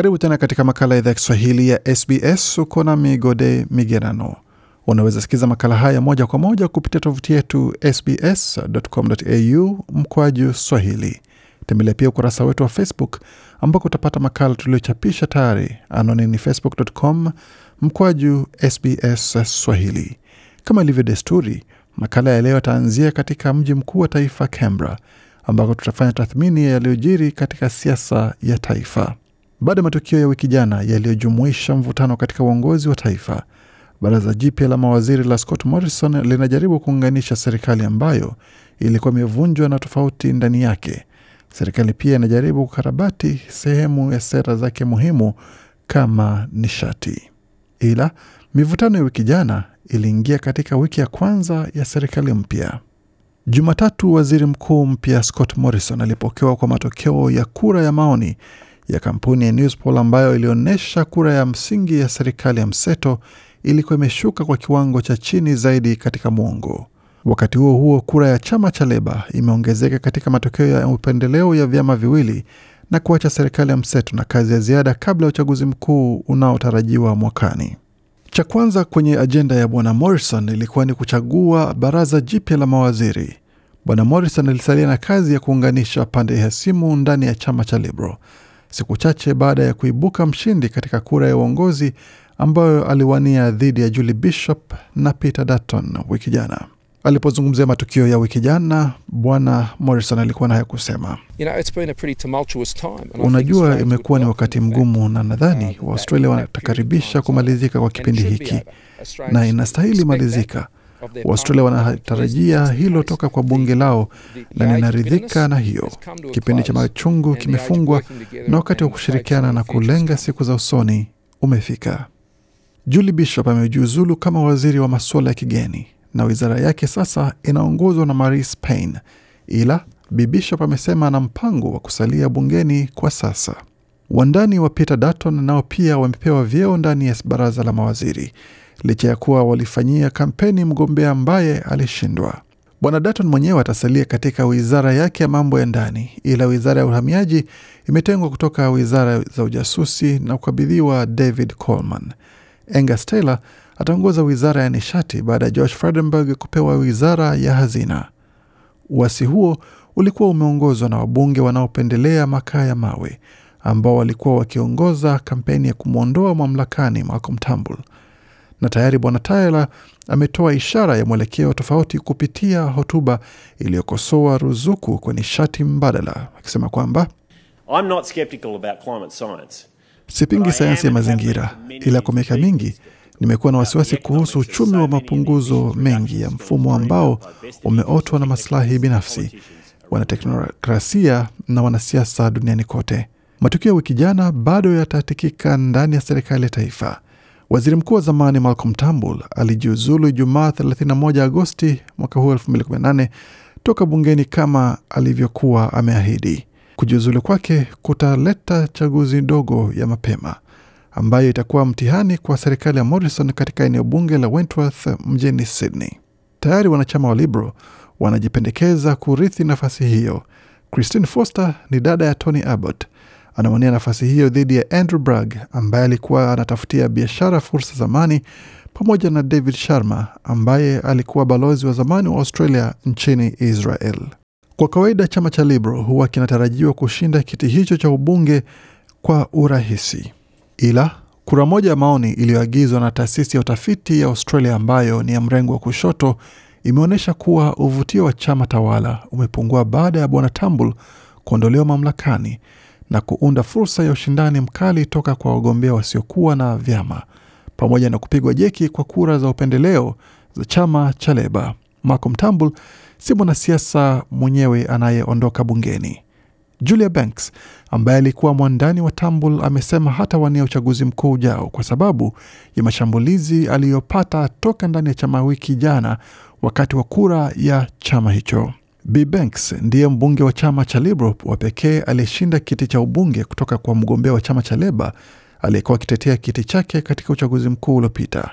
Karibu tena katika makala ya idhaa ya Kiswahili ya SBS. Uko na Migode Migerano. Unaweza sikiza makala haya moja kwa moja kupitia tovuti yetu sbs.com.au mkwaju swahili. Tembelea pia ukurasa wetu wa Facebook ambako utapata makala tuliochapisha tayari, anwani ni facebook.com mkwaju sbs swahili. Kama ilivyo desturi, makala ya leo yataanzia katika mji mkuu wa taifa Canberra, ambako tutafanya tathmini yaliyojiri katika siasa ya taifa baada ya matukio ya wiki jana yaliyojumuisha mvutano katika uongozi wa taifa. Baraza jipya la mawaziri la Scott Morrison linajaribu kuunganisha serikali ambayo ilikuwa imevunjwa na tofauti ndani yake. Serikali pia inajaribu kukarabati sehemu ya sera zake muhimu kama nishati, ila mivutano ya wiki jana iliingia katika wiki ya kwanza ya serikali mpya. Jumatatu, waziri mkuu mpya Scott Morrison alipokewa kwa matokeo ya kura ya maoni ya kampuni ya Newspol ambayo ilionyesha kura ya msingi ya serikali ya mseto ilikuwa imeshuka kwa kiwango cha chini zaidi katika mwongo. Wakati huo huo, kura ya chama cha Leba imeongezeka katika matokeo ya upendeleo ya vyama viwili na kuacha serikali ya mseto na kazi ya ziada kabla ya uchaguzi mkuu unaotarajiwa mwakani. Cha kwanza kwenye ajenda ya bwana Morrison ilikuwa ni kuchagua baraza jipya la mawaziri. Bwana Morrison alisalia na kazi ya kuunganisha pande simu ndani ya chama cha Liberal siku chache baada ya kuibuka mshindi katika kura ya uongozi ambayo aliwania dhidi ya Julie Bishop na Peter Dutton wiki jana. Alipozungumzia matukio ya wiki jana, Bwana Morrison alikuwa na haya kusema: unajua imekuwa ni wakati mgumu, na nadhani um, Waaustralia watakaribisha kumalizika kwa kipindi hiki, na inastahili malizika Waustralia wanatarajia hilo toka kwa bunge lao na ninaridhika na hiyo. Kipindi cha machungu kimefungwa na wakati wa kushirikiana na kulenga siku za usoni umefika. Julie Bishop amejiuzulu kama waziri wa masuala ya kigeni na wizara yake sasa inaongozwa na mari Payne, ila Bi Bishop amesema ana mpango wa kusalia bungeni kwa sasa. Wandani wa Peter Dutton nao pia wamepewa vyeo ndani ya baraza la mawaziri licha ya kuwa walifanyia kampeni mgombea ambaye alishindwa. Bwana Dutton mwenyewe atasalia katika wizara yake ya mambo ya ndani, ila wizara ya uhamiaji imetengwa kutoka wizara za ujasusi na kukabidhiwa David Coleman. Angus Taylor ataongoza wizara ya nishati baada ya Josh Frydenberg kupewa wizara ya hazina. Uasi huo ulikuwa umeongozwa na wabunge wanaopendelea makaa ya mawe ambao walikuwa wakiongoza kampeni ya kumwondoa mamlakani Malcolm Turnbull na tayari Bwana Tyler ametoa ishara ya mwelekeo tofauti kupitia hotuba iliyokosoa ruzuku kwa nishati mbadala, akisema kwamba I'm not skeptical about climate science. Sipingi sayansi ya mazingira, ila kwa miaka mingi nimekuwa na wasiwasi kuhusu uchumi wa mapunguzo mengi ya mfumo ambao umeotwa na masilahi binafsi, wanateknokrasia na wanasiasa duniani kote. Matukio ya wiki jana bado yatatikika ndani ya serikali ya taifa. Waziri mkuu wa zamani Malcolm Turnbull alijiuzulu Ijumaa 31 Agosti mwaka huu 2018 toka bungeni kama alivyokuwa ameahidi. Kujiuzulu kwake kutaleta chaguzi ndogo ya mapema ambayo itakuwa mtihani kwa serikali ya Morrison katika eneo bunge la Wentworth mjini Sydney. Tayari wanachama wa Liberal wanajipendekeza kurithi nafasi hiyo. Christine Foster ni dada ya Tony Abbott anawania nafasi hiyo dhidi ya Andrew Bragg ambaye alikuwa anatafutia biashara fursa zamani, pamoja na David Sharma ambaye alikuwa balozi wa zamani wa Australia nchini Israel. Kwa kawaida chama cha Liberal huwa kinatarajiwa kushinda kiti hicho cha ubunge kwa urahisi, ila kura moja ya maoni iliyoagizwa na taasisi ya utafiti ya Australia ambayo ni ya mrengo wa kushoto imeonyesha kuwa uvutio wa chama tawala umepungua baada ya bwana tambul kuondolewa mamlakani na kuunda fursa ya ushindani mkali toka kwa wagombea wasiokuwa na vyama pamoja na kupigwa jeki kwa kura za upendeleo za chama cha Leba. Malcolm Turnbull si mwanasiasa mwenyewe anayeondoka bungeni. Julia Banks ambaye alikuwa mwandani wa Turnbull amesema hata wania uchaguzi mkuu ujao kwa sababu ya mashambulizi aliyopata toka ndani ya chama wiki jana wakati wa kura ya chama hicho. B Banks ndiye mbunge wa chama cha Liberal wa pekee aliyeshinda kiti cha ubunge kutoka kwa mgombea wa chama cha Leba aliyekuwa akitetea kiti chake katika uchaguzi mkuu uliopita,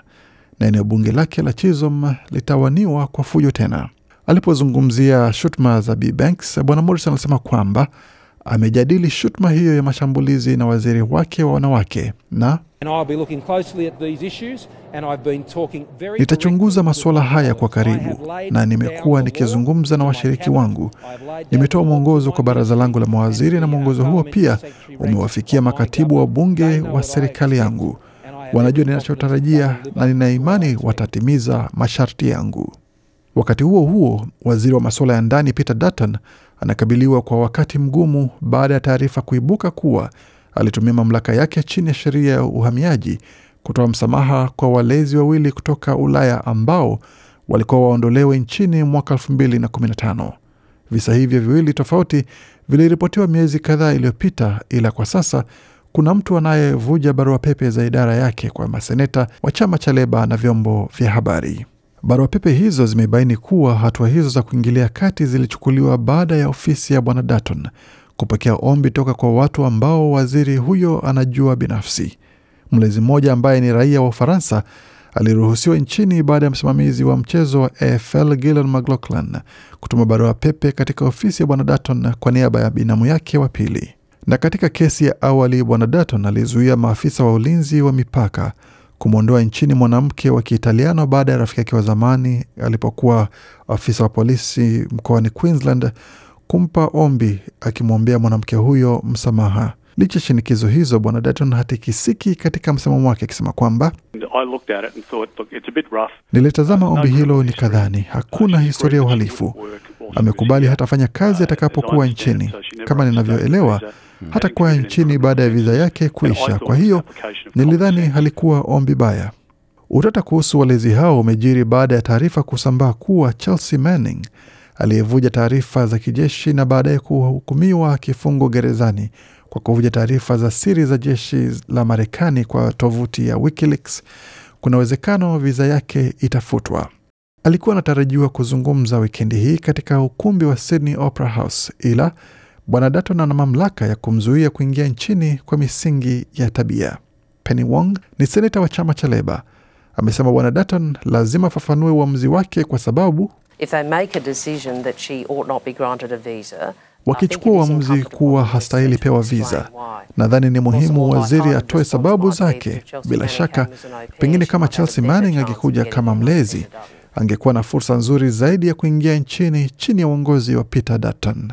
na eneo bunge lake la chisom litawaniwa kwa fujo tena. Alipozungumzia shutuma za B Banks, Bwana Morrison alisema kwamba amejadili shutuma hiyo ya mashambulizi na waziri wake wa wanawake na Nitachunguza masuala haya kwa karibu na nimekuwa nikizungumza na washiriki wangu. Nimetoa mwongozo kwa baraza langu la mawaziri na mwongozo huo pia umewafikia makatibu wa bunge wa serikali yangu. Wanajua ninachotarajia na ninaimani watatimiza masharti yangu. Wakati huo huo, waziri wa masuala ya ndani Peter Dutton anakabiliwa kwa wakati mgumu baada ya taarifa kuibuka kuwa alitumia mamlaka yake chini ya sheria ya uhamiaji kutoa msamaha kwa walezi wawili kutoka Ulaya ambao walikuwa waondolewe nchini mwaka 2015. Visa hivyo viwili tofauti viliripotiwa miezi kadhaa iliyopita, ila kwa sasa kuna mtu anayevuja barua pepe za idara yake kwa maseneta wa chama cha Leba na vyombo vya habari. Barua pepe hizo zimebaini kuwa hatua hizo za kuingilia kati zilichukuliwa baada ya ofisi ya bwana Dutton kupokea ombi toka kwa watu ambao waziri huyo anajua binafsi. Mlezi mmoja ambaye ni raia wa Ufaransa aliruhusiwa nchini baada ya msimamizi wa mchezo wa AFL Gillan McLachlan kutuma barua pepe katika ofisi ya bwana Dutton kwa niaba ya binamu yake wa pili. Na katika kesi ya awali, bwana Dutton alizuia maafisa wa ulinzi wa mipaka kumwondoa nchini mwanamke wa Kiitaliano baada ya rafiki yake wa zamani alipokuwa afisa wa polisi mkoani Queensland kumpa ombi akimwombea mwanamke huyo msamaha. Licha shinikizo hizo, bwana Dutton hatikisiki katika msimamo wake akisema kwamba nilitazama uh, ombi hilo nikadhani hakuna historia ya uhalifu. Amekubali hatafanya kazi uh, atakapokuwa nchini. Kama ninavyoelewa hata kuwa nchini baada ya viza yake kuisha. Kwa hiyo nilidhani halikuwa ombi baya. Utata kuhusu walezi hao umejiri baada ya taarifa kusambaa kuwa Chelsea Manning aliyevuja taarifa za kijeshi na baadaye kuhukumiwa kifungo gerezani kwa kuvuja taarifa za siri za jeshi la Marekani kwa tovuti ya WikiLeaks, kuna uwezekano viza yake itafutwa. Alikuwa anatarajiwa kuzungumza wikendi hii katika ukumbi wa Sydney Opera House ila Bwana Dutton ana mamlaka ya kumzuia kuingia nchini kwa misingi ya tabia. Penny Wong ni seneta wa chama cha Leba, amesema Bwana Dutton lazima afafanue uamuzi wake kwa sababu wakichukua uamuzi kuwa hastahili pewa viza, nadhani ni muhimu waziri atoe sababu zake. Bila shaka, pengine kama Chelsea Manning angekuja kama mlezi, angekuwa na fursa nzuri zaidi ya kuingia nchini chini ya uongozi wa Peter Dutton.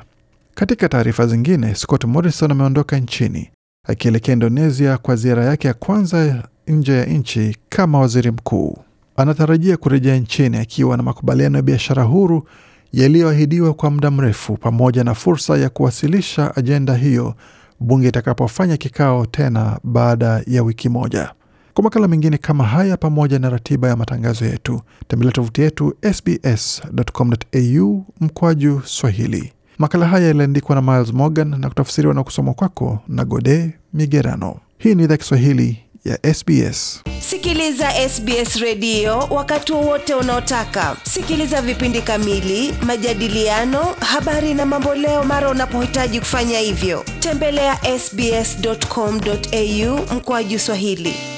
Katika taarifa zingine, Scott Morrison ameondoka nchini akielekea Indonesia kwa ziara yake ya kwanza nje ya nchi kama waziri mkuu. Anatarajia kurejea nchini akiwa na makubaliano ya biashara huru yaliyoahidiwa kwa muda mrefu pamoja na fursa ya kuwasilisha ajenda hiyo bunge itakapofanya kikao tena baada ya wiki moja. Kwa makala mengine kama haya pamoja na ratiba ya matangazo yetu, tembelea tovuti yetu sbs.com.au mkwaju Swahili. Makala haya yaliandikwa na Miles Morgan na kutafsiriwa na kusomwa kwako na Gode Migerano. Hii ni idhaa Kiswahili ya SBS. Sikiliza SBS redio wakati wowote unaotaka. Sikiliza vipindi kamili, majadiliano, habari na mamboleo mara unapohitaji kufanya hivyo. Tembelea ya sbs.com.au mkoaji Swahili.